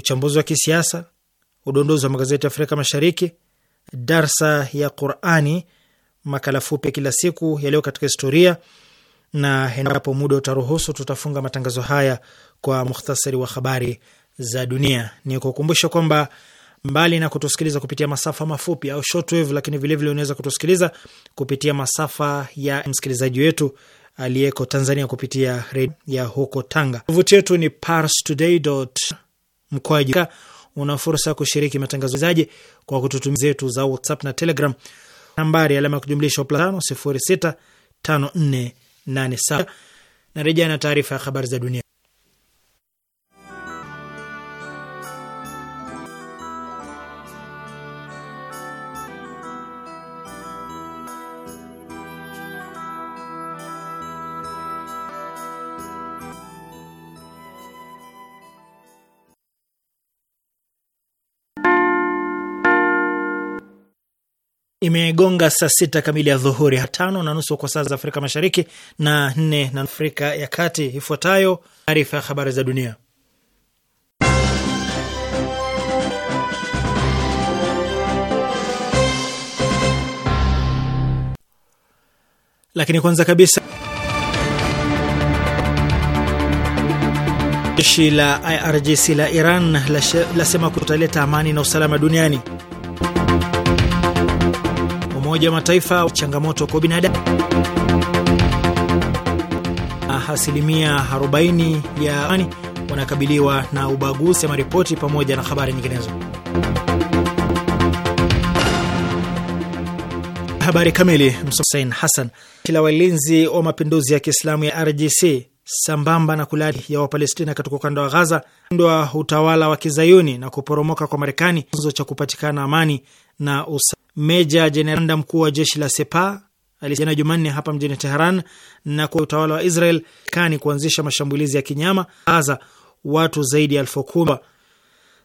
uchambuzi wa kisiasa, udondozi wa magazeti ya Afrika Mashariki, darsa ya Qurani, makala fupi ya kila siku yaliyo katika historia, na endapo muda utaruhusu, tutafunga matangazo haya kwa mukhtasari wa habari za dunia. Ni kukumbusha kwamba mbali na kutusikiliza kupitia masafa mafupi au shortwave, lakini vilevile unaweza kutusikiliza kupitia masafa ya msikilizaji wetu aliyeko Tanzania kupitia redio ya huko Tanga. Tovuti yetu ni parstoday mkwaju una fursa ya kushiriki matangazo zaje kwa kututumia zetu za WhatsApp na Telegram, nambari alama ya kujumlisha plus na rejea na taarifa ya habari za dunia. Imegonga saa sita kamili ya dhuhuri, tano na nusu kwa saa za Afrika Mashariki na nne na Afrika ya Kati. Ifuatayo taarifa ya habari za dunia, lakini kwanza kabisa jeshi la IRGC la Iran lasema kutaleta amani na usalama duniani. Umoja wa Mataifa changamoto kwa binadamu. Asilimia 40 ya ani wanakabiliwa na ubaguzi ama ripoti, pamoja na habari nyinginezo. Habari kamili. Msain Hassan kila walinzi wa mapinduzi ya Kiislamu ya RGC sambamba na kulali ya Wapalestina katika ukanda wa Gaza ndwa utawala wa kizayuni na kuporomoka kwa Marekani chanzo cha kupatikana amani na usa. Meja Jenerali mkuu wa jeshi la Sepa alijana Jumanne hapa mjini Teheran na kwa utawala wa Israel kani kuanzisha mashambulizi ya kinyama aza watu zaidi ya elfu kumi.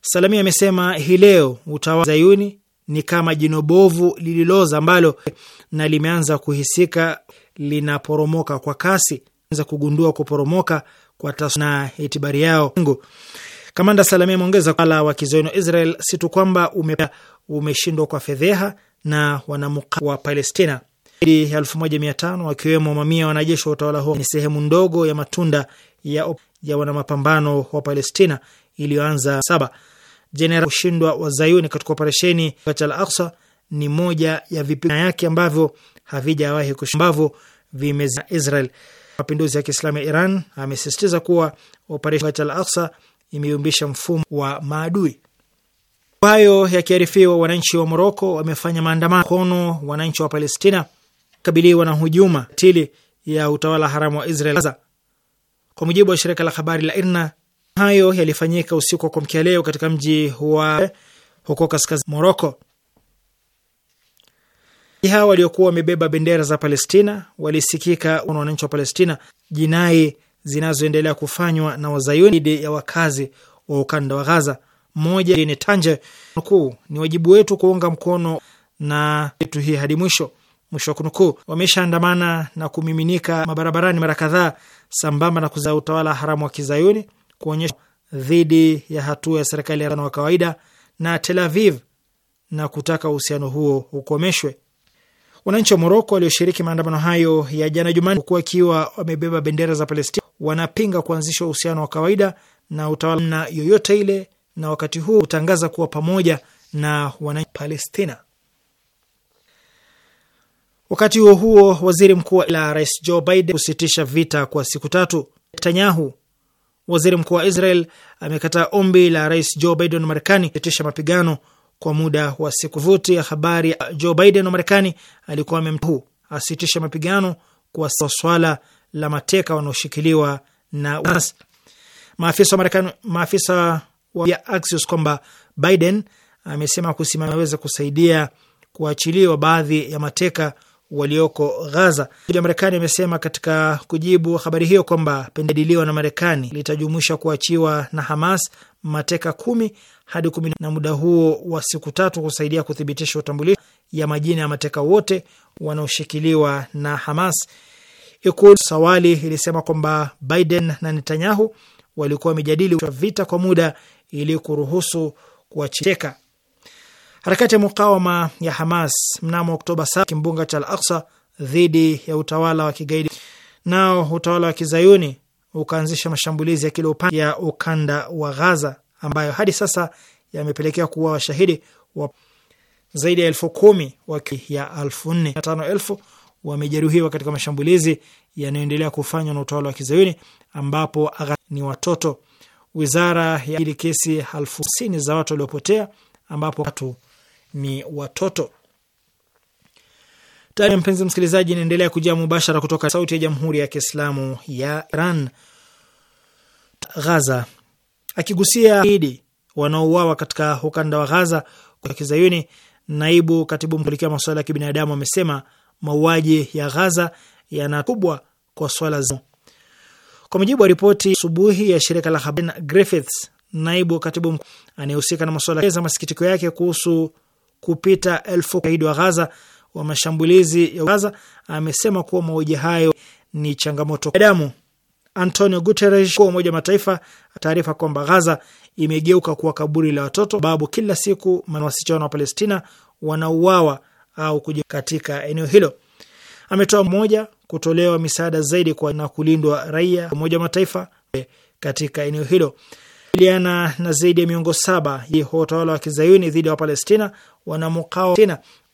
Salamia amesema hii leo utawala Zayuni ni kama jino bovu lililoza ambalo na limeanza kuhisika linaporomoka kwa kasi, anza kugundua kuporomoka kwa tasna itibari yao Kamanda Salamia ameongeza utawala wa kizayuni wa Israel si tu kwamba umeshindwa ume kwa fedheha na wanamuka wa Palestina zaidi ya elfu moja mia tano wakiwemo mamia wanajeshi wa utawala huo. Ni sehemu ndogo ya matunda ya, ya wanamapambano wa Palestina iliyoanza saba jenerali ushindwa wa zayuni katika operesheni ya Al-Aqsa ni moja ya vipimo yake ambavyo havijawahi kushambavyo vimeza Israel. Mapinduzi ya Kiislamu ya Iran amesisitiza kuwa operesheni ya Al-Aqsa imeyumbisha mfumo wa maadui. Hayo yakiarifiwa, wananchi wa Moroko wamefanya maandamano kono, wananchi wa Palestina kabiliwa na hujuma tili ya utawala haramu wa Israel. Kwa mujibu wa shirika la habari la IRNA, hayo yalifanyika usiku wa kuamkia leo katika mji wa huko kaskazini Moroko. Hawa waliokuwa wamebeba bendera za Palestina walisikika na wananchi wa Palestina jinai zinazoendelea kufanywa na wazayuni dhidi ya wakazi wa ukanda wa Ghaza. Moja ni Tanje nukuu, ni wajibu wetu kuunga mkono na vitu hii hadi mwisho, mwisho wa kunukuu. Wameshaandamana na kumiminika mabarabarani mara kadhaa, sambamba na kuza utawala haramu wa kizayuni kuonyesha dhidi ya hatua ya serikali ya wa kawaida na Tel Aviv na kutaka uhusiano huo ukomeshwe. Wananchi wa Moroko walioshiriki maandamano hayo ya jana Jumanne, huku wakiwa wamebeba bendera za Palestina wanapinga kuanzisha uhusiano wa kawaida na utawala na yoyote ile, na wakati huo hutangaza kuwa pamoja na wananchi Palestina. Wakati huo huo, waziri mkuu la rais Joe Biden kusitisha vita kwa siku tatu. Netanyahu, waziri mkuu wa Israel, amekataa ombi la rais Joe Biden wa Marekani kusitisha mapigano kwa muda wa siku. Vuti ya habari Joe Biden wa Marekani alikuwa amemtu asitishe mapigano kwa swala la mateka wanaoshikiliwa na waasi. Maafisa wa Marekani, maafisa wa Axios kwamba Biden amesema kusimama aweza kusaidia kuachiliwa baadhi ya mateka walioko Gaza. Ya Marekani amesema katika kujibu habari hiyo kwamba pendediliwa na Marekani litajumuisha kuachiwa na Hamas mateka kumi hadi kumi na muda huo wa siku tatu kusaidia kuthibitisha utambulisho ya majina ya mateka wote wanaoshikiliwa na Hamas Ikulu Sawali ilisema kwamba Biden na Netanyahu walikuwa wamejadili vita kwa muda ili kuruhusu kuwachiteka. Harakati ya mukawama ya Hamas mnamo Oktoba 7 kimbunga cha Al-Aqsa dhidi ya utawala wa kigaidi, nao utawala wa kizayuni ukaanzisha mashambulizi ya kila upande ya ukanda wa Ghaza ambayo hadi sasa yamepelekea kuwa washahidi wa zaidi ya elfu kumi wa ya elfu nne na tano elfu wamejeruhiwa katika mashambulizi yanayoendelea kufanywa na utawala wa kizayuni ambapo ni watoto. Wizara ya ili kesi elfu hamsini za watu waliopotea ambapo watu ni watoto. Tayari mpenzi msikilizaji, inaendelea kujia mubashara kutoka Sauti ya Jamhuri ya Kiislamu ya Iran. Ghaza akigusia idi wanaouawa katika ukanda wa ghaza kwa kizayuni, naibu katibu mkulikia masuala ya kibinadamu amesema mauaji ya Ghaza yanakubwa kwa swala zima. Kwa mujibu wa ripoti asubuhi ya shirika la habari Griffiths, naibu katibu mkuu anayehusika na masuala za masikitiko yake kuhusu kupita elfu kaidi wa Ghaza wa mashambulizi ya Gaza amesema kuwa mauaji hayo ni changamoto kwa damu. Antonio Guterres wa Umoja wa Mataifa taarifa kwamba Gaza imegeuka kuwa kaburi la watoto, sababu kila siku wasichana wa Palestina wanauawa au kuja katika eneo hilo. Ametoa moja kutolewa misaada zaidi kwa na kulindwa raia Umoja wa Mataifa katika eneo hilo liana na zaidi ya miongo saba wa utawala wa kizayuni dhidi ya Wapalestina wanamukao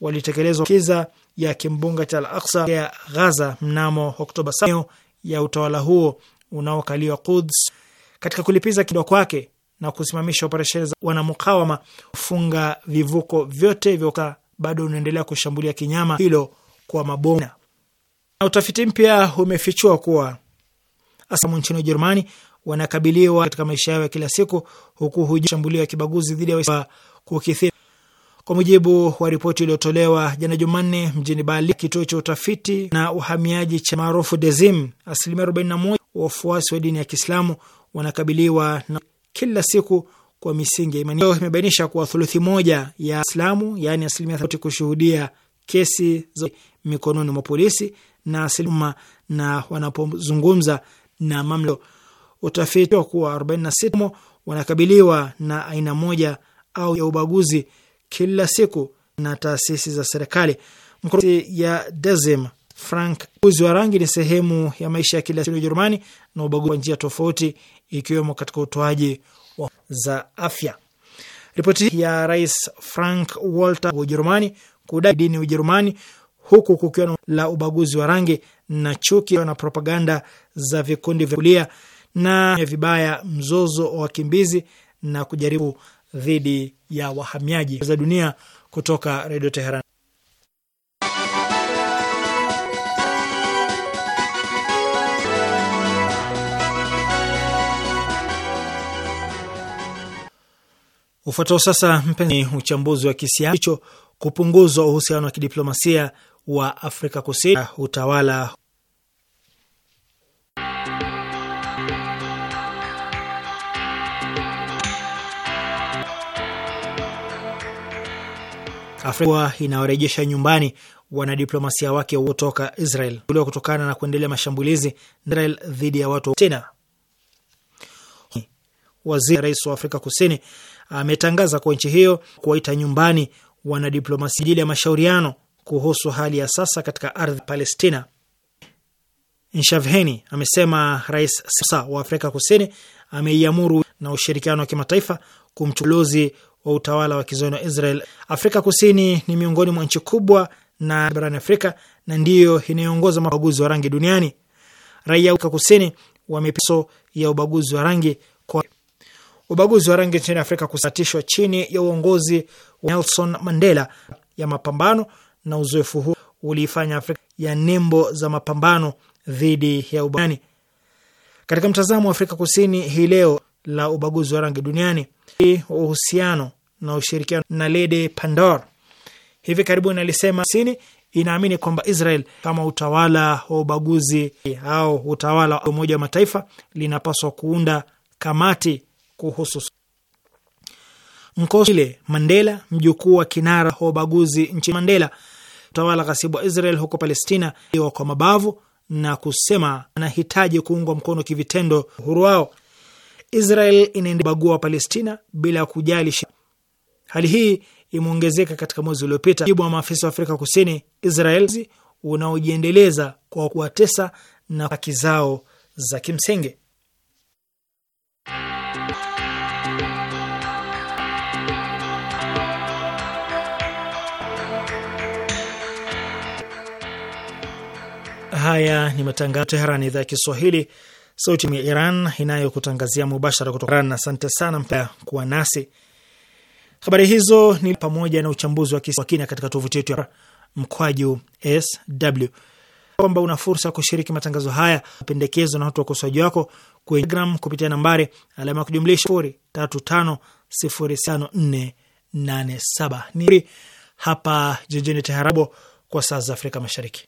walitekelezwa kiza ya kimbunga cha Al-Aqsa ya Gaza mnamo Oktoba 7 ya utawala huo unaokaliwa Quds katika kulipiza kidwa kwake na kusimamisha operesheni za wanamukawama kufunga vivuko vyote vyoka bado unaendelea kushambulia kinyama hilo kwa mabomu. Na utafiti mpya umefichua kuwa asamu nchini Ujerumani wanakabiliwa katika maisha yao ya kila siku, huku hujashambulio kibaguzi dhidi ya Waislamu kukithiri. Kwa mujibu wa ripoti iliyotolewa jana Jumanne mjini Bali, kituo cha utafiti na uhamiaji cha maarufu DEZIM, asilimia 41 wafuasi wa dini ya Kiislamu wanakabiliwa na kila siku kwa misingi ya imani. imebainisha kuwa thuluthi moja ya Waislamu, yaani asilimia thelathini, kushuhudia kesi za mikononi mwa polisi na asilimia na wanapozungumza na mamlo. Utafiti wa kuwa 46 wanakabiliwa na aina moja au ya ubaguzi kila siku na taasisi za serikali. Mkurugenzi ya Dezim Frank, ubaguzi wa rangi ni sehemu ya maisha ya kila siku ya Ujerumani na ubaguzi kwa njia tofauti, ikiwemo katika utoaji za afya. Ripoti ya Rais Frank Walter wa Ujerumani kudai dini Ujerumani huku kukiwa la ubaguzi wa rangi na chuki na propaganda za vikundi vya kulia na vibaya mzozo wa wakimbizi na kujaribu dhidi ya wahamiaji za dunia kutoka Redio Teheran. Ufuatao sasa, mpenzi, uchambuzi wa kisiasa hicho kupunguzwa uhusiano wa kidiplomasia wa Afrika Kusini utawala Afrika inawarejesha nyumbani wanadiplomasia wake kutoka Israel kutokana na kuendelea mashambulizi Israel dhidi ya watu tena waziri rais wa Afrika Kusini ametangaza kuwa nchi hiyo kuwaita nyumbani wanadiplomasia ajili ya mashauriano kuhusu hali ya sasa katika ardhi Palestina. Nshavheni amesema rais sasa wa Afrika Kusini ameiamuru na ushirikiano wa kimataifa kumchuluzi wa utawala wa kizoni wa Israel. Afrika Kusini ni miongoni mwa nchi kubwa na barani Afrika na ndiyo inayoongoza mabaguzi wa rangi duniani. Raia wa Afrika Kusini wamepiso ya ubaguzi wa rangi Ubaguzi wa rangi nchini Afrika kusatishwa chini ya uongozi wa Nelson Mandela ya mapambano, na uzoefu huu uliifanya Afrika ya nembo za mapambano dhidi ya ubaguzi. Katika mtazamo wa Afrika Kusini hii leo la ubaguzi wa rangi duniani, uhusiano na ushirikiano na Naledi Pandor hivi karibuni alisema Kusini inaamini kwamba Israel kama utawala wa ubaguzi au utawala wa Umoja wa Mataifa linapaswa kuunda kamati kuhusu mkosile Mandela, mjukuu wa kinara wa ubaguzi nchini Mandela, utawala ghasibu wa Israel huko Palestina kwa mabavu na kusema anahitaji kuungwa mkono kivitendo uhuru wao. Israel inaendelea kubagua Palestina bila kujali. Hali hii imeongezeka katika mwezi uliopita, jibu wa maafisa wa Afrika Kusini Israel unaojiendeleza kwa kuwatesa na haki zao za kimsingi. Haya ni matangazo ya Teheran, idhaa ya Kiswahili, sauti ya Iran inayokutangazia mubashara kutoka Iran. Asante sana mpa kuwa nasi. Habari hizo ni pamoja na uchambuzi wa kina katika tovuti yetu ya mkwaju sw kwamba una fursa ya kushiriki matangazo haya, pendekezo na watu wa wakosoaji wako kwenye Telegram kupitia nambari alama ya kujumlisha sifuri tatu tano sifuri tano nne nane saba ni hapa jijini Teherabo kwa saa za Afrika Mashariki.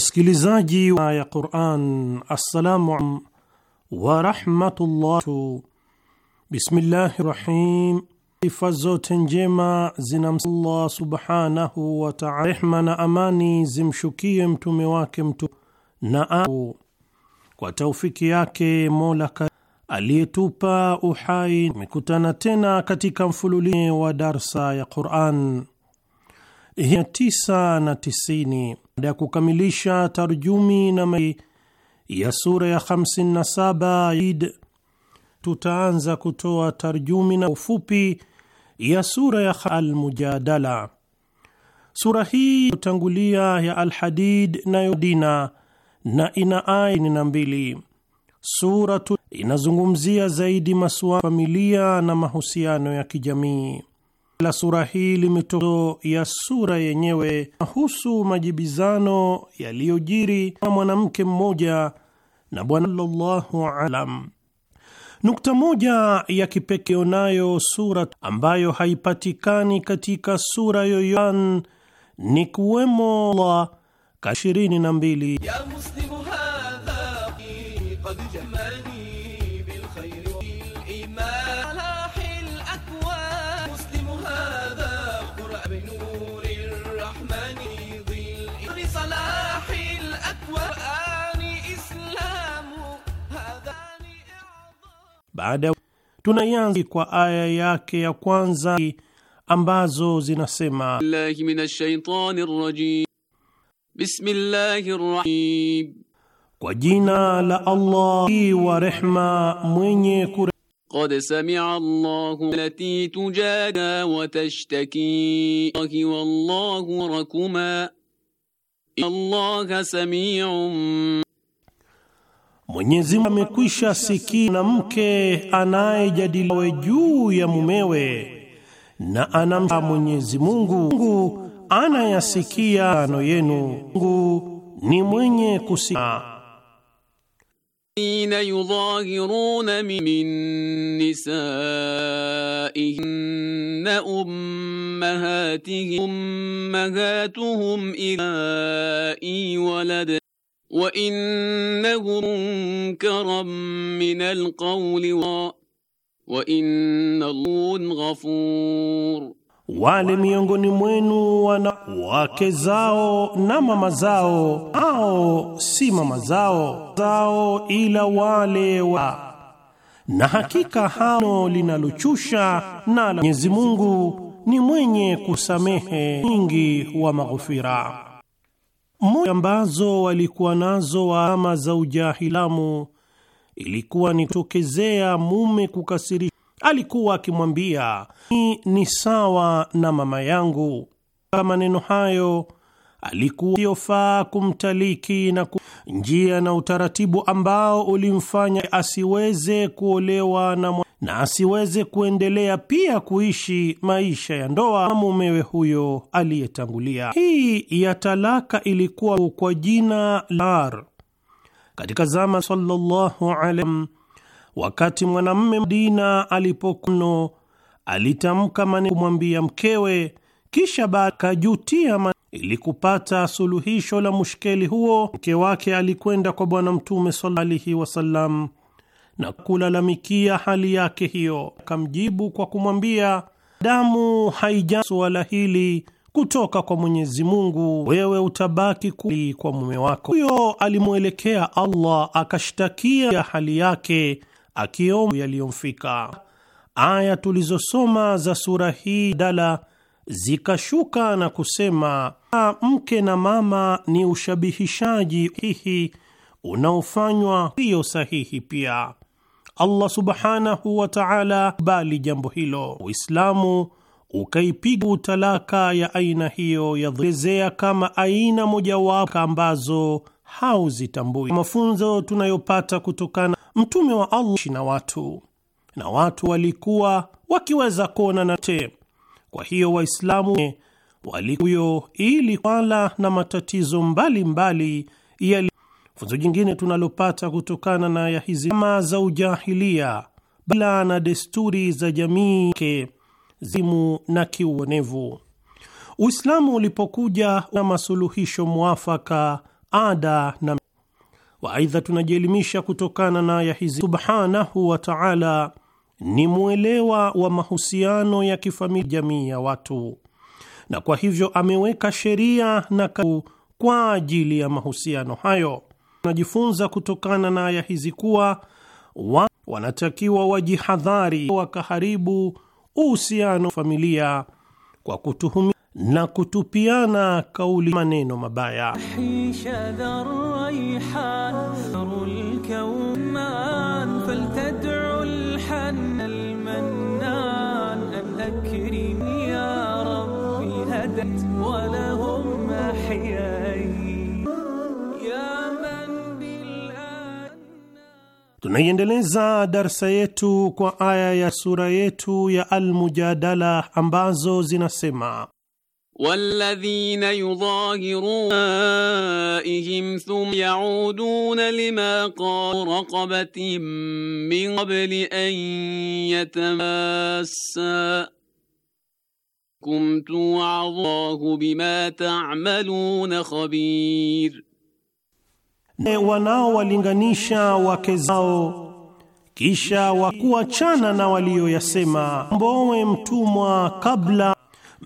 Wasikilizaji wa ya Quran, assalamu wa rahmatullah. Bismillahi rahim. Sifa zote njema zinamsallah subhanahu wa taala, rehma na amani zimshukie mtume wake mtu na au. Kwa taufiki yake Mola aliyetupa uhai, mikutana tena katika mfululizo wa darsa ya Quran 990 baada ya kukamilisha tarjumi na mai ya sura ya 57 Id, tutaanza kutoa tarjumi na ufupi ya sura ya Almujadala. Sura hii hutangulia ya Alhadid na Yodina na ina aya ishirini na mbili. Sura inazungumzia zaidi masuala familia na mahusiano ya kijamii la sura hii limetoo ya sura yenyewe nahusu majibizano yaliyojiri na mwanamke mmoja na bwana alam. Nukta moja ya kipekee nayo sura ambayo haipatikani katika sura yoyote ni kuwemo la ishirini na mbili ya Muslimu. Baada tunaianza kwa aya yake ya kwanza ambazo zinasema Kwa jina la Allah wa rehma mwenye kura Qad sami'a Allahu lati tujada wa tashtaki wallahu rakuma Allah sami'un Mwenyezi Mungu amekwisha sikia na mke anayejadiliwe juu ya mumewe na anamcha Mwenyezi Mungu Mungu anayasikia ano yenu. Mungu ni mwenye kusikia. Ina yudhahiruna min nisaihinna ummahatihim ummahatuhum ila iwalad وإنه منكرا من القول وإن الله غفور wale miongoni mwenu wana wake zao na mama zao au si mama zao zao ila wale wa na hakika hano linalochusha na Mwenyezi Mungu ni mwenye kusamehe mwingi wa maghufira moja ambazo walikuwa nazo waama za ujahilamu ilikuwa ni tokezea mume kukasirishwa. Alikuwa akimwambia ni, sawa na mama yangu. Maneno hayo alikuwa aliyofaa kumtaliki na ku... njia na utaratibu ambao ulimfanya asiweze kuolewa na, mwa... na asiweze kuendelea pia kuishi maisha ya ndoa mumewe huyo aliyetangulia. Hii ya talaka ilikuwa kwa jina lar katika zama sallallahu alaihi wakati mwanamme Madina alipokuno alitamka maneno kumwambia mkewe, kisha bakajutia ili kupata suluhisho la mushkeli huo, mke wake alikwenda kwa Bwana Mtume sallallahu alaihi wasallam na kulalamikia hali yake hiyo. Akamjibu kwa kumwambia, damu haija suala hili kutoka kwa Mwenyezi Mungu, wewe utabaki kuli kwa mume wako. Huyo alimwelekea Allah akashtakia ya hali yake, akiomba yaliyomfika. Aya tulizosoma za sura hii dala zikashuka na kusema, ah, mke na mama ni ushabihishaji hihi unaofanywa hiyo sahihi pia. Allah subhanahu wa ta'ala bali jambo hilo. Uislamu ukaipiga utalaka ya aina hiyo yaezea kama aina mojawapo ambazo hauzitambui. Mafunzo tunayopata kutokana mtume wa Allah na watu na watu walikuwa wakiweza kuona nate kwa hiyo Waislamu walikuyo ili kwala na matatizo mbalimbali mbali. Funzo jingine tunalopata kutokana na ya hizi ama za ujahilia, bila na desturi za jamii ke zimu na kiuonevu, Uislamu ulipokuja na masuluhisho mwafaka ada na waaidha, tunajielimisha kutokana na ya hizi subhanahu wa ta'ala ni mwelewa wa mahusiano ya kifamilia jamii ya watu, na kwa hivyo ameweka sheria na kwa ajili ya mahusiano hayo. Tunajifunza kutokana na aya hizi kuwa wa, wanatakiwa wajihadhari wakaharibu uhusiano wa familia kwa kutuhumia na kutupiana kauli, maneno mabaya Tunaiendeleza darsa yetu kwa aya ya sura yetu ya Almujadala ambazo zinasema والذين يظاهرون آبائهم ثم يعودون لما قالوا رقبة من قبل أن يتماسا كم توعظاه بما تعملون خبير E, wanaowalinganisha wake zao kisha wakuachana na walioyasema, mbowe mtumwa kabla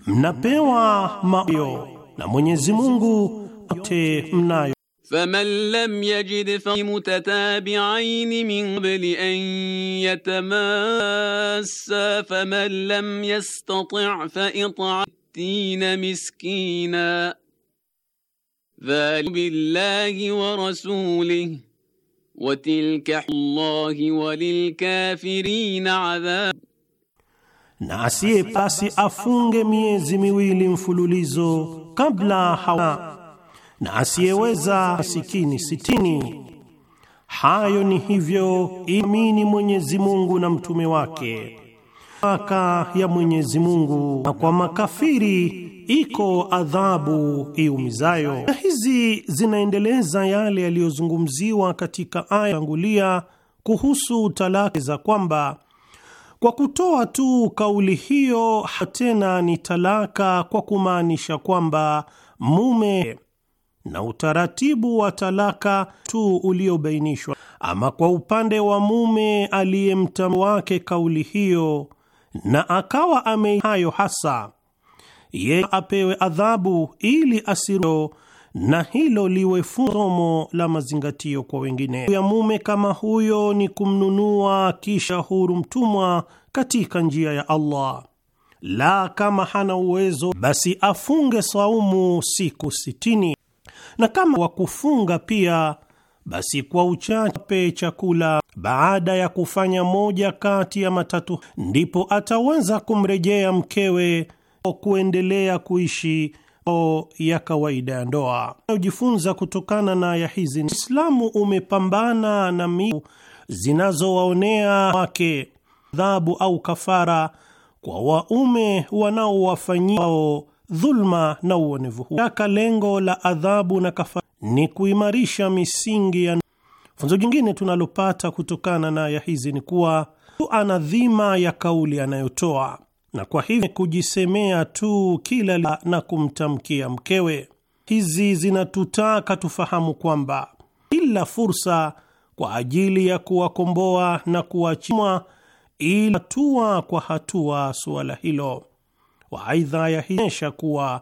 mnapewa mayo na Mwenyezi Mungu yote mnayo. faman lam yajid fa mutatabi'ain min qabli an yatamassa faman lam yastati' fa it'atina miskina ذلك بالله ورسوله وتلك الله وللكافرين adhab, na asiye pasi afunge miezi miwili mfululizo kabla hawa, na asiyeweza masikini sitini. Hayo ni hivyo imini Mwenyezi Mungu na mtume wake mipaka ya Mwenyezi Mungu, na kwa makafiri iko adhabu iumizayo. Na hizi zinaendeleza yale yaliyozungumziwa katika aya tangulia kuhusu talaka za kwamba kwa kutoa tu kauli hiyo tena ni talaka, kwa kumaanisha kwamba mume na utaratibu wa talaka tu uliobainishwa. Ama kwa upande wa mume aliyemtamu wake kauli hiyo na akawa ame hayo hasa ye apewe adhabu ili asiro na hilo liwe somo la mazingatio kwa wengine. Ya mume kama huyo ni kumnunua kisha huru mtumwa katika njia ya Allah. La, kama hana uwezo basi afunge saumu siku sitini, na kama wakufunga pia basi kwa uchache chakula baada ya kufanya moja kati ya matatu, ndipo ataweza kumrejea mkewe kwa kuendelea kuishi o ya kawaida ya ndoa. Ujifunza kutokana na aya hizi, Uislamu umepambana na miu zinazowaonea wake adhabu au kafara kwa waume wanaowafanyia dhulma na uonevu huu. Lengo la adhabu na kafara ni kuimarisha misingi ya. Funzo jingine tunalopata kutokana na aya hizi ni kuwa ana dhima ya kauli anayotoa na kwa hivyo kujisemea tu kila na kumtamkia mkewe. Hizi zinatutaka tufahamu kwamba kila fursa kwa ajili ya kuwakomboa na kuwachimwa ili hatua kwa hatua suala hilo. Waaidha, yahionyesha kuwa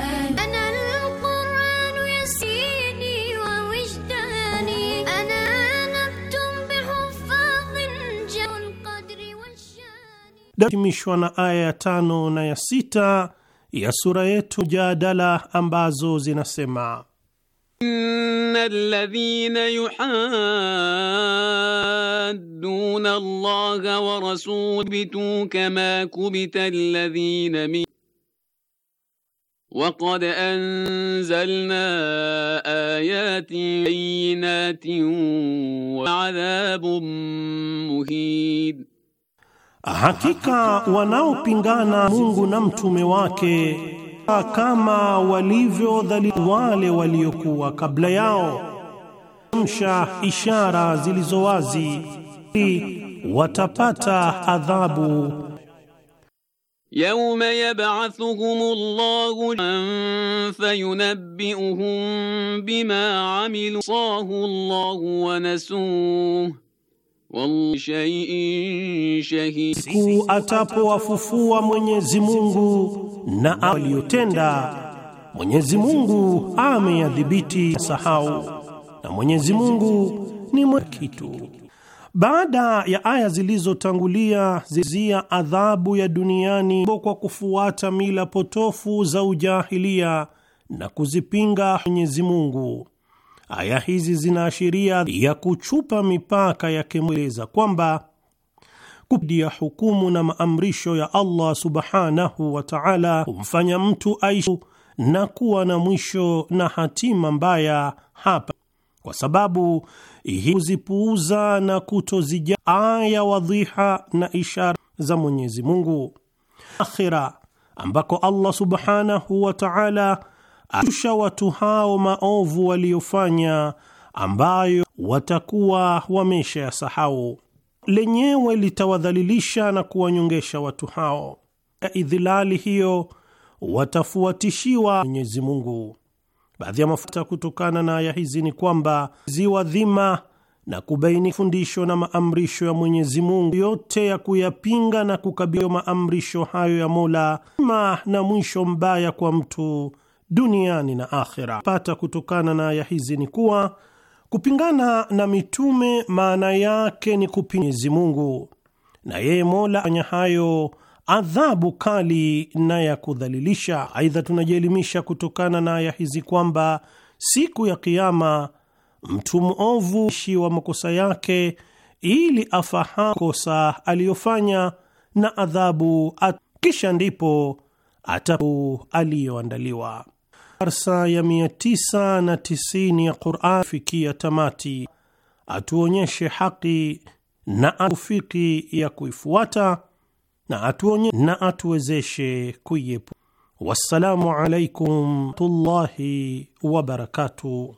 datimishwa na aya ya tano na ya sita ya sura yetu jadala ambazo zinasema Inna alladhina yuhadduna Allaha wa rasulahu kama kubita alladhina min anzalna أنزلنا آيات wa وعذاب مهين Hakika wanaopingana Mungu na mtume wake kama walivyodhali wale waliokuwa kabla yao, msha ishara zilizo wazi, watapata adhabu. Yawma yab'athuhumullahu fayunabbi'uhum bima 'amilu sahu Allahu wa nasuhu Siku atapowafufua Mwenyezi Mungu na aliyotenda Mwenyezi Mungu ameyadhibiti sahau, na Mwenyezi Mungu ni mwenye kitu. Baada ya aya zilizotangulia zizia adhabu ya duniani kwa kufuata mila potofu za ujahilia na kuzipinga Mwenyezi Mungu Aya hizi zinaashiria ya kuchupa mipaka ya kimweleza kwamba kudia hukumu na maamrisho ya Allah subhanahu wa ta'ala kumfanya mtu aishi na kuwa na mwisho na hatima mbaya hapa, kwa sababu hii kuzipuuza na kutozija aya wadhiha na ishara za Mwenyezi Mungu akhira ambako Allah subhanahu wa ta'ala atusha watu hao maovu waliofanya ambayo watakuwa wamesha ya sahau Lenyewe litawadhalilisha na kuwanyongesha watu hao. Idhilali hiyo watafuatishiwa Mwenyezi Mungu. Baadhi ya mafuta kutokana na aya hizi ni kwamba ziwa dhima na kubaini fundisho na maamrisho ya Mwenyezi Mungu yote ya kuyapinga na kukabiliwa maamrisho hayo ya Mola na mwisho mbaya kwa mtu duniani na akhera. Pata kutokana na aya hizi ni kuwa kupingana na mitume maana yake ni kupinga Mwenyezi Mungu, na yeye Mola anya hayo adhabu kali na ya kudhalilisha. Aidha, tunajielimisha kutokana na aya hizi kwamba siku ya Kiama mtu mwovu shi wa makosa yake ili afahamu kosa aliyofanya na adhabu, kisha ndipo atau aliyoandaliwa darsa ya 990 ya Qur'an fikia tamati, atuonyeshe haki na atufiki ya kuifuata na atuonye na atuwezeshe kuiepu Wassalamu alaikum tullahi wabarakatuh.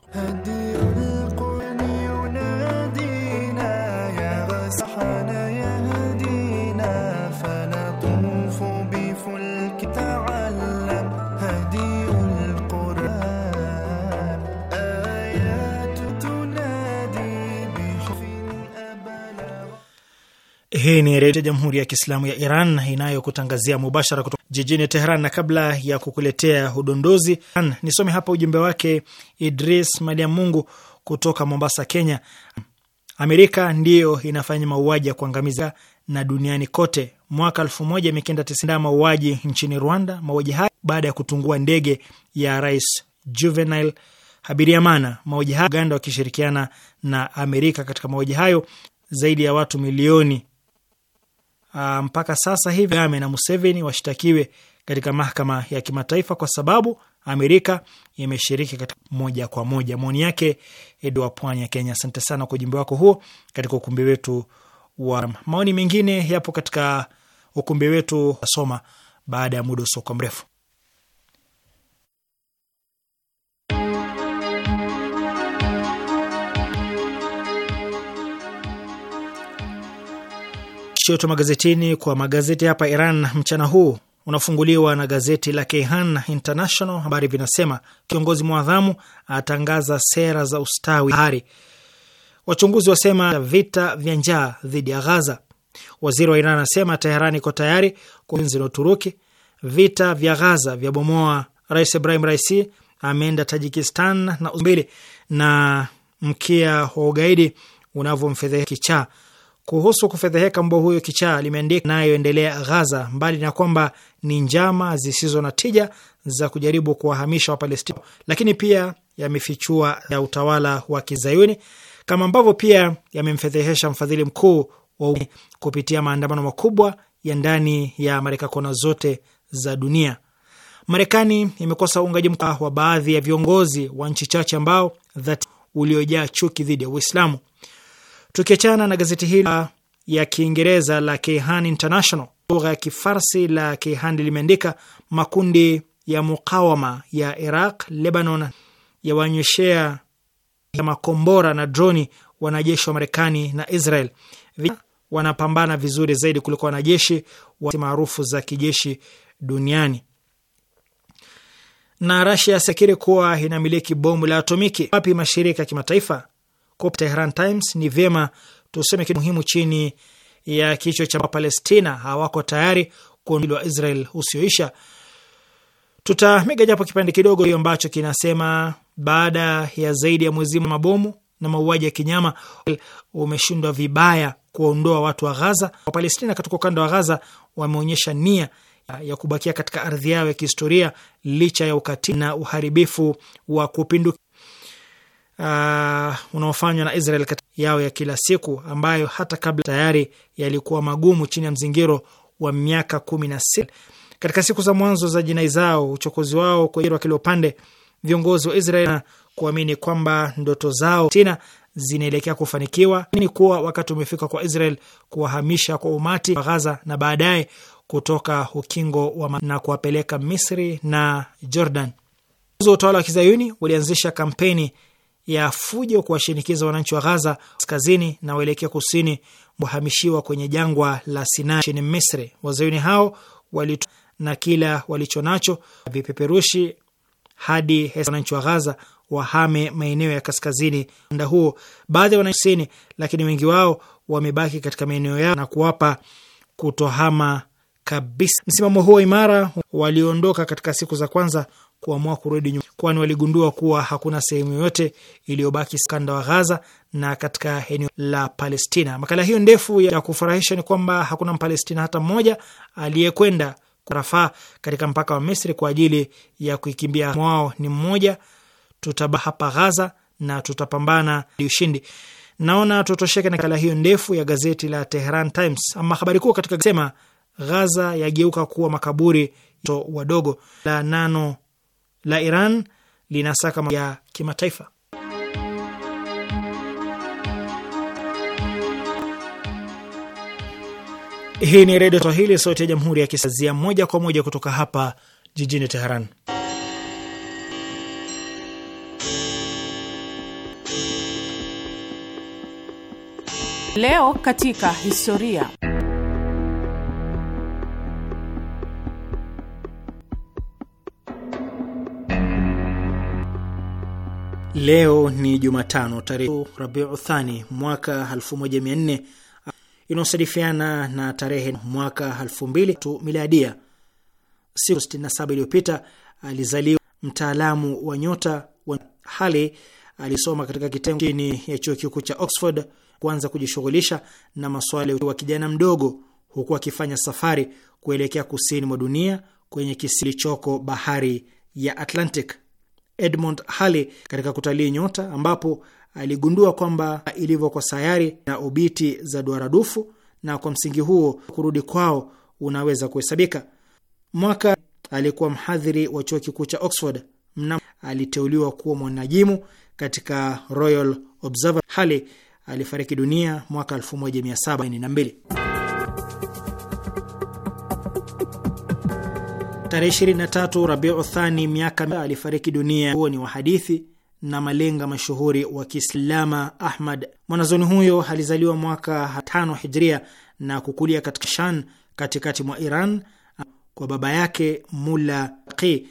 Hii ni redio Jamhuri ya Kiislamu ya Iran inayokutangazia mubashara kutoka jijini Teheran. Na kabla ya kukuletea udondozi, nisome hapa ujumbe wake Idris Malia Mungu kutoka Mombasa, Kenya. Amerika ndiyo inafanya mauaji ya kuangamiza na duniani kote. Mwaka elfu moja mia kenda tisini mauaji nchini Rwanda. Mauaji haya baada ya kutungua ndege ya Rais Juvenal Habyarimana. Mauaji haya Uganda wakishirikiana na Amerika katika mauaji hayo zaidi ya watu milioni Ah, mpaka sasa hivi ame na Museveni washtakiwe katika mahakama ya kimataifa kwa sababu Amerika imeshiriki katika moja kwa moja. Maoni yake Edo wa pwani ya Kenya. Asante sana kwa ujumbe wako huo katika ukumbi wetu wa maoni. Mengine yapo katika ukumbi wetu, wasoma baada ya muda usiokuwa mrefu. chetu magazetini kwa magazeti hapa Iran mchana huu unafunguliwa na gazeti la Kayhan International. Habari vinasema kiongozi mwadhamu atangaza sera za ustawi bahari. wachunguzi wasema vita vya njaa dhidi ya Ghaza, waziri wa Iran anasema Teherani iko tayari kwa na Uturuki, vita vya Ghaza vya bomoa, Rais Ibrahim Raisi ameenda Tajikistan na Uzbekistan, na mkia wa ugaidi unavyomfedhehe kichaa kuhusu kufedheheka mbwa huyo kichaa limeandika nayoendelea Ghaza, mbali na kwamba ni njama zisizo na tija za kujaribu kuwahamisha Wapalestina, lakini pia yamefichua ya utawala wa kizayuni kama ambavyo pia yamemfedhehesha mfadhili mkuu wa kupitia maandamano makubwa ya ndani ya Marekani kona zote za dunia. Marekani imekosa uungaji mkono wa baadhi ya viongozi wa nchi chache ambao uliojaa chuki dhidi ya Uislamu. Tukiachana na gazeti hili ya Kiingereza la Kayhan International, lugha ya Kifarsi la Kayhan limeandika makundi ya mukawama ya Iraq, Lebanon yawanyweshea ya makombora na droni wanajeshi wa Marekani na Israel. Vijana wanapambana vizuri zaidi kuliko wanajeshi wa maarufu za kijeshi duniani. Na Rasia asikiri kuwa inamiliki bomu la atomiki. Wapi mashirika ya kimataifa Tehran Times, ni vyema tuseme kitu muhimu chini ya kichwa cha Palestina hawako tayari kuondolewa Israel usioisha. Tutamega japo kipande kidogo hiyo ambacho kinasema baada ya zaidi ya mwezi mabomu na mauaji ya kinyama umeshindwa vibaya kuwaondoa watu wa Gaza. Wapalestina katika ukanda wa Gaza wameonyesha nia ya kubakia katika ardhi yao ya kihistoria licha ya ukatili na uharibifu wa kupinduka uh, unaofanywa na Israel yao ya kila siku ambayo hata kabla tayari yalikuwa magumu chini ya mzingiro wa miaka kumi na sita. Katika siku za mwanzo za jinai zao, uchokozi wao kwa kila upande, viongozi wa Israel kuamini kwamba ndoto zao tena zinaelekea kufanikiwa, ni kuwa wakati umefika kwa Israel kuwahamisha kwa umati wa Gaza na baadaye kutoka ukingo wa na kuwapeleka Misri na Jordan. Utawala wa kizayuni ulianzisha kampeni ya fujo kuwashinikiza wananchi wa Ghaza kaskazini na waelekea kusini wahamishiwa kwenye jangwa la Sinai nchini Misri. Wazayuni hao wali na kila walicho nacho vipeperushi hadi wananchi wa Ghaza wahame maeneo ya kaskazini nda huo, baadhi ya wanasini, lakini wengi wao wamebaki katika maeneo yao na kuwapa kutohama kabisa. Msimamo huo imara waliondoka katika siku za kwanza kuamua kurudi nyumbani, kwani waligundua kuwa hakuna sehemu yoyote iliyobaki kanda wa Ghaza na katika eneo la Palestina. Makala hiyo ndefu ya kufurahisha ni kwamba hakuna Mpalestina hata mmoja aliyekwenda Rafaa katika mpaka wa Misri kwa ajili ya kuikimbia. Mwao ni mmoja, tutaba hapa Ghaza na tutapambana ushindi. Naona tutosheke na kala hiyo ndefu ya gazeti la Tehran Times. Ama habari kuu katika sema Ghaza yageuka kuwa makaburi to wadogo la nano la Iran linasaka ya kimataifa. Hii ni Redio Swahili, sauti ya Jamhuri ya Kisazia, moja kwa moja kutoka hapa jijini Teheran. Leo katika historia Leo ni Jumatano tarehe Rabiu Thani mwaka 1400 inayosadifiana na tarehe mwaka 2000 miladia. Siku 67 iliyopita alizaliwa mtaalamu wa nyota wa hali Alisoma katika kitengo chini ya chuo kikuu cha Oxford, kuanza kujishughulisha na maswali wa kijana mdogo, huku akifanya safari kuelekea kusini mwa dunia kwenye kisichoko bahari ya Atlantic. Edmund Halley katika kutalii nyota, ambapo aligundua kwamba ilivyo kwa sayari na obiti za duaradufu, na kwa msingi huo kurudi kwao unaweza kuhesabika. Mwaka alikuwa mhadhiri wa chuo kikuu cha Oxford. Mnamo aliteuliwa kuwa mwanajimu katika Royal Observatory. Halley alifariki dunia mwaka 1772. Tarehe 23 Rabiu Thani miaka alifariki dunia huo wa hadithi na malenga mashuhuri wa Kiislama Ahmad. Mwanazoni huyo alizaliwa mwaka 5 hijria na kukulia katika Shan katikati mwa Iran kwa baba yake Mulla Qi.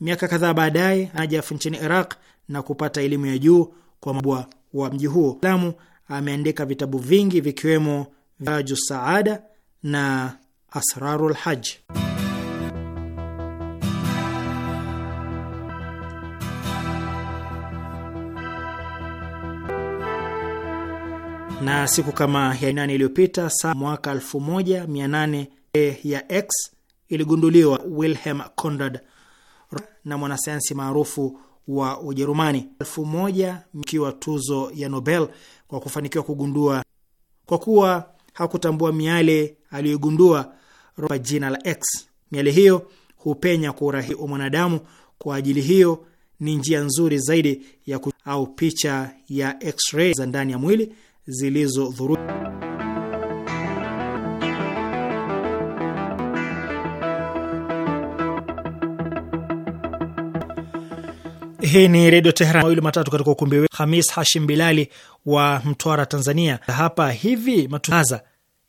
Miaka kadhaa baadaye Najaf nchini Iraq na kupata elimu ya juu kwa mabwa wa mji huo. Lamu ameandika vitabu vingi vikiwemo Vaju Saada na Asrarul Haj. na siku kama ya nane iliyopita saa mwaka 1800 eh, ya X iligunduliwa Wilhelm Conrad na mwanasayansi maarufu wa Ujerumani elfu moja mkiwa tuzo ya Nobel kwa kufanikiwa kugundua. Kwa kuwa hakutambua miale aliyoigundua kwa jina la X, miale hiyo hupenya kwa urahisi wa mwanadamu. Kwa ajili hiyo ni njia nzuri zaidi ya ku... au picha ya x-ray za ndani ya mwili zilizodhurika. Hii ni Redio Teheran. Mawili matatu katika ukumbi wetu. Hamis Hashim Bilali wa Mtwara, Tanzania. Hapa hivi matangazo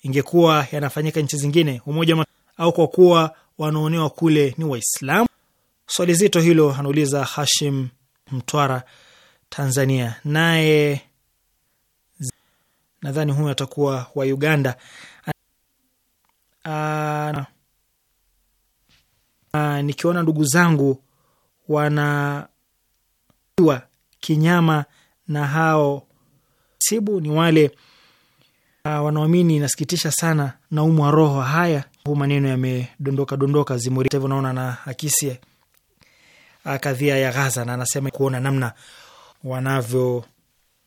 ingekuwa yanafanyika nchi zingine umoja au kwa kuwa wanaonewa kule ni Waislamu? Swali zito hilo, anauliza Hashim Mtwara, Tanzania. Naye nadhani huyu atakuwa wa Uganda. Aa, aa, nikiona ndugu zangu wanaiwa kinyama na hao sibu ni wale wanaamini, inasikitisha sana, naumwa roho. Haya, huu maneno yamedondoka dondoka zimuri hivyo, naona na akisi kadhia ya Gaza, na anasema kuona namna wanavyo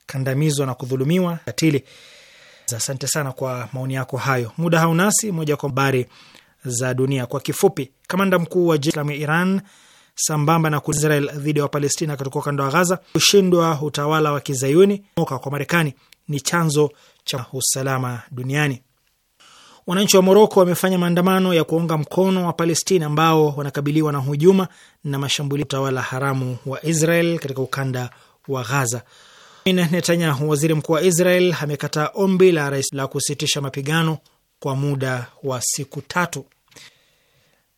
kukandamizwa na kudhulumiwa katili. Asante sana kwa maoni yako hayo. Muda haunasi moja kwa habari za dunia kwa kifupi. Kamanda mkuu wa jeshi ya Iran sambamba na Israel dhidi ya Wapalestina katika ukanda wa Gaza, kushindwa utawala wa kizayuni moka kwa Marekani ni chanzo cha usalama duniani. Wananchi wa Moroko wamefanya maandamano ya kuunga mkono wa Palestina ambao wanakabiliwa na hujuma na mashambulio utawala haramu wa Israel katika ukanda wa Gaza. Netanyahu, waziri mkuu wa Israel, amekataa ombi la rais la kusitisha mapigano kwa muda wa siku tatu.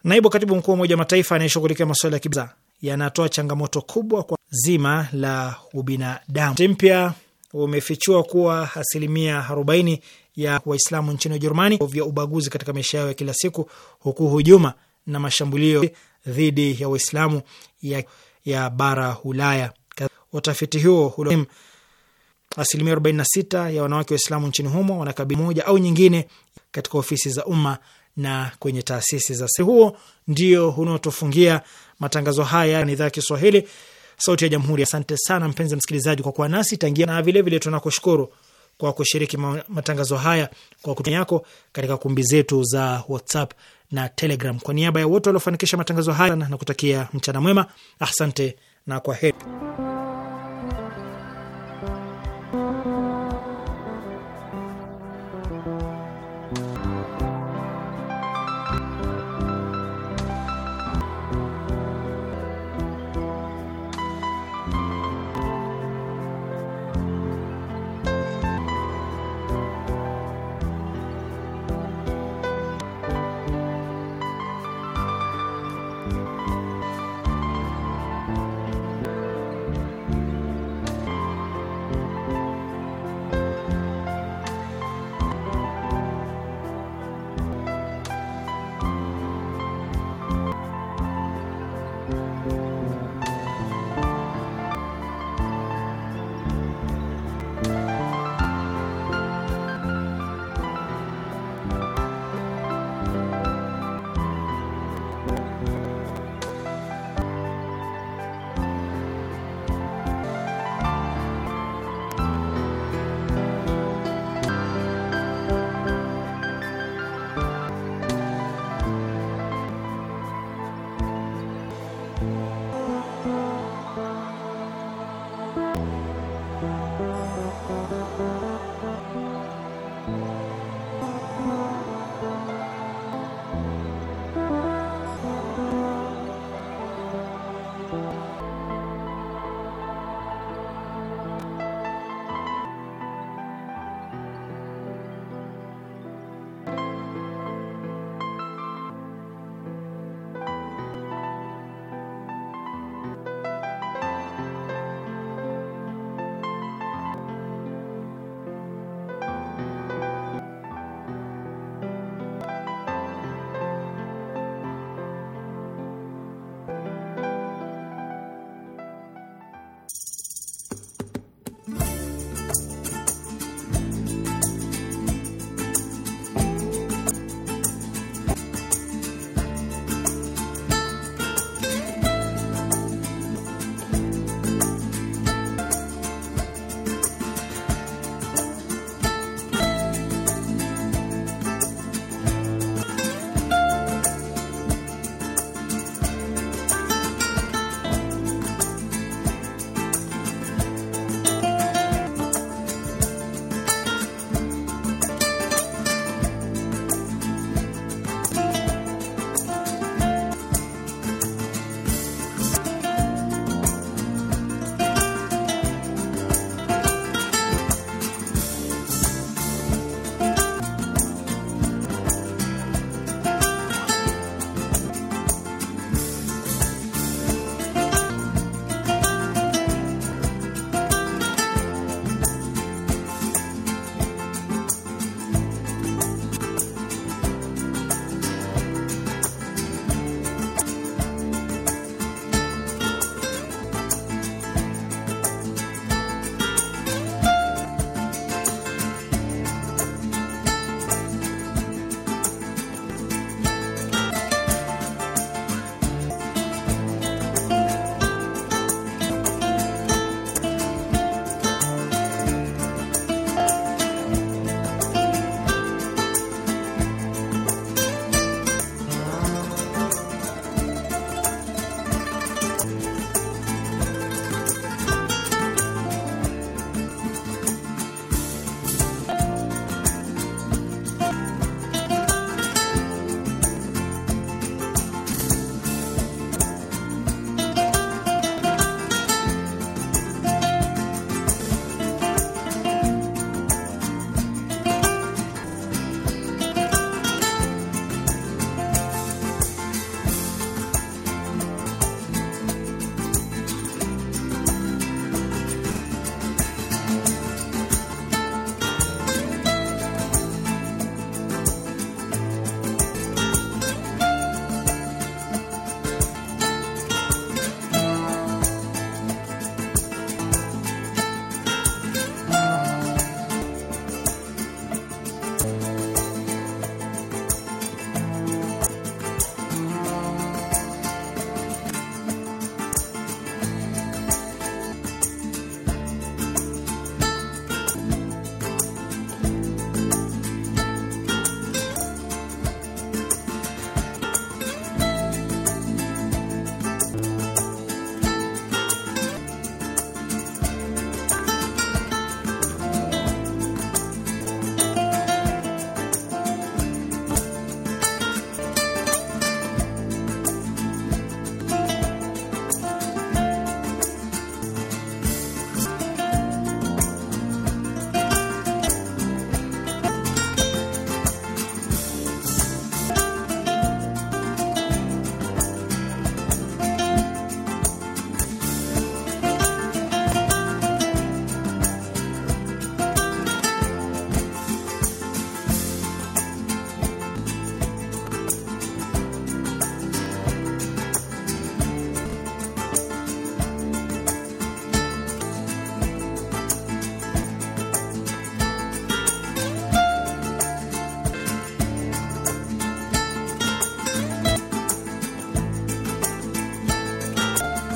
Naibu katibu mkuu wa Umoja wa Mataifa anayeshughulikia masuala ya kibza yanatoa changamoto kubwa kwa zima la ubinadamu. Mpya umefichua kuwa asilimia 40 ya Waislamu nchini Ujerumani vya ubaguzi katika maisha yao ya kila siku, huku hujuma na mashambulio dhidi ya Waislamu ya, ya bara Ulaya. Utafiti huo asilimia 46 ya wanawake Waislamu nchini humo wanakabili moja au nyingine katika ofisi za umma na kwenye taasisi za si. huo. Ndio unaotufungia matangazo haya ni idhaa ya Kiswahili, Sauti ya Jamhuri. Asante sana mpenzi msikilizaji kwa kuwa nasi tangia, na vilevile tunakushukuru kwa kushiriki matangazo haya kwa kutumia yako katika kumbi zetu za WhatsApp na Telegram. Kwa niaba ya wote waliofanikisha matangazo haya, na kutakia mchana mwema, asante na kwa heri.